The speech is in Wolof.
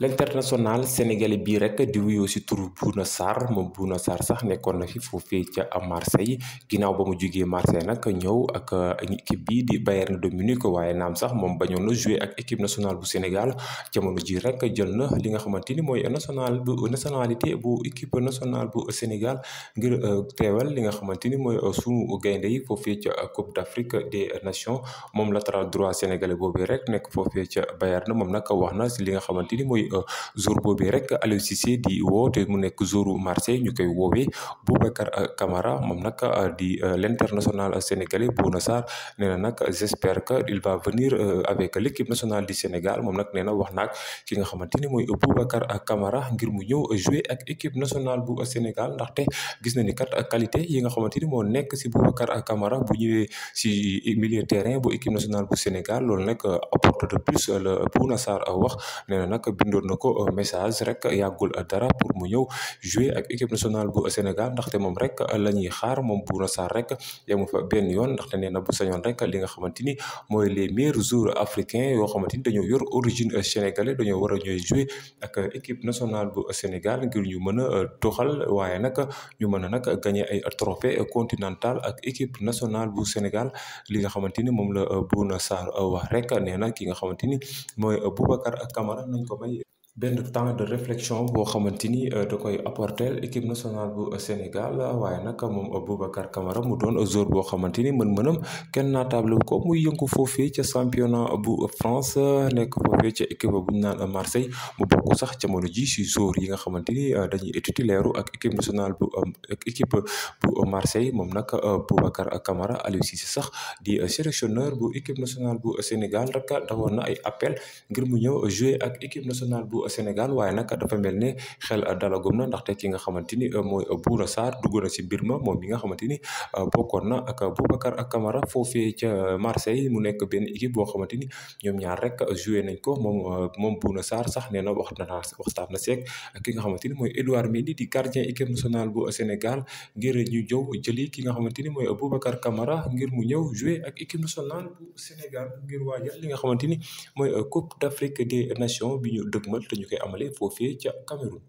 l'international sénégalais bi rek di wuyoo si turu Bouna saar moom Bouna Sarr sax nekkoon na fi foofee ca Marseille ginnaaw ba mu jugee Marseille nag ñëw ak uh, équipe bii di Bayern de Munich waaye naam sax moom bañoon na ak équipe nationale bu Sénégal jamono ji rek jël na li nga xamante ni mooy national bu nationalité bu équipe nationale bu Sénégal ngir uh, teewal li nga xamante ni mooy uh, sunu gaynde yi foofee ca Coupe d'Afrique des Nations moom latéral droit sénégalais boobu rek nekk foofee ca na moom nag wax na si li nga xamante ni mooy Euh, jour boobee rek Aliou Cissé di woote mu nekk jouru Marseille ñu koy woowee Boubacar kamara euh, moom nag euh, di l'international sénégalais Bouna Sarr nee na nag j'espère que il va venir avec l'équipe Sénégal moom nag nee na wax naag ki xamante ni mooy Boubacar Camara ngir mu ñëw jouer ak équipe nationale bu Sénégal ndaxte gis na ni kat qualité yi nga xamante ni moo nekk si a Camara bu ñëwee si milieu terrain bu équipe nationale bu Sénégal loolu nag apporte de plus le Bouna wax nee na nag yóon na ko euh, message rek yàggul dara pour mu ñëw jouer ak équipe nationale bu Sénégal ndaxte moom rek la ñuy xaar moom Bouna Sarr rek yemu fa benn yoon ndaxte nee na bu rek li nga xamante ni mooy les meilleurs joueurs africains yoo xamante ni dañoo yor origine sénégalaise dañoo war a ñooy jouer ak équipe nationale bu Sénégal ngir ñu mën a euh, doxal waaye nag ñu mën a nag gagné ay trophée continental ak équipe nationale bu Sénégal li nga xamante ni moom la euh, Bouna wax rek nee na ki nga xamante ni mooy Boubacar Camara nañ ko may benn temps de réflexion boo xamante ni euh, da koy apporter équipe nationale bu Sénégal waaye nag moom Boubacar Kamara mu doon joueur boo xamante ni mën-mënam kenn naataable ko muy yëngu foofee ca championnat bu France nekk foofee ca équipe bu ñu naan Marseille mu bokk sax jamono ji si joueur yi nga xamante ni euh, dañuy titulaire ak équipe nationale bu euh, ak équipe bu Marseille moom nag Boubacar Kamara Aliou Cissé sax di sélectionneur bu équipe nationale bu Sénégal rek mu ñëw Sénégal waaye nag dafa mel ne xel dalagum na ndaxte ki nga xamante ni euh, mooy Bouna Sarr dugg na ma moom mi nga xamante ni euh, bokkoon na ak Boubacar ak Camara foofee ca Marseille mu nekk benn équipe boo xamante ni ñoom ñaar rek joué nañ ko moom euh, moom Bouna Sarr sax nee na wax na waxtaan na seeg ki nga xamante ni mooy Edouard Mendy di gardien équipe nationale bu Sénégal ngir ñu jëw jëli ki nga xamante ni mooy Boubacar Camara ngir mu ñëw joué ak équipe nationale bu Sénégal ngir waajal li nga ni mooy Coupe d'Afrique des Nations bi ñu dëgmal ñu koy amalee foofee ca Cameroun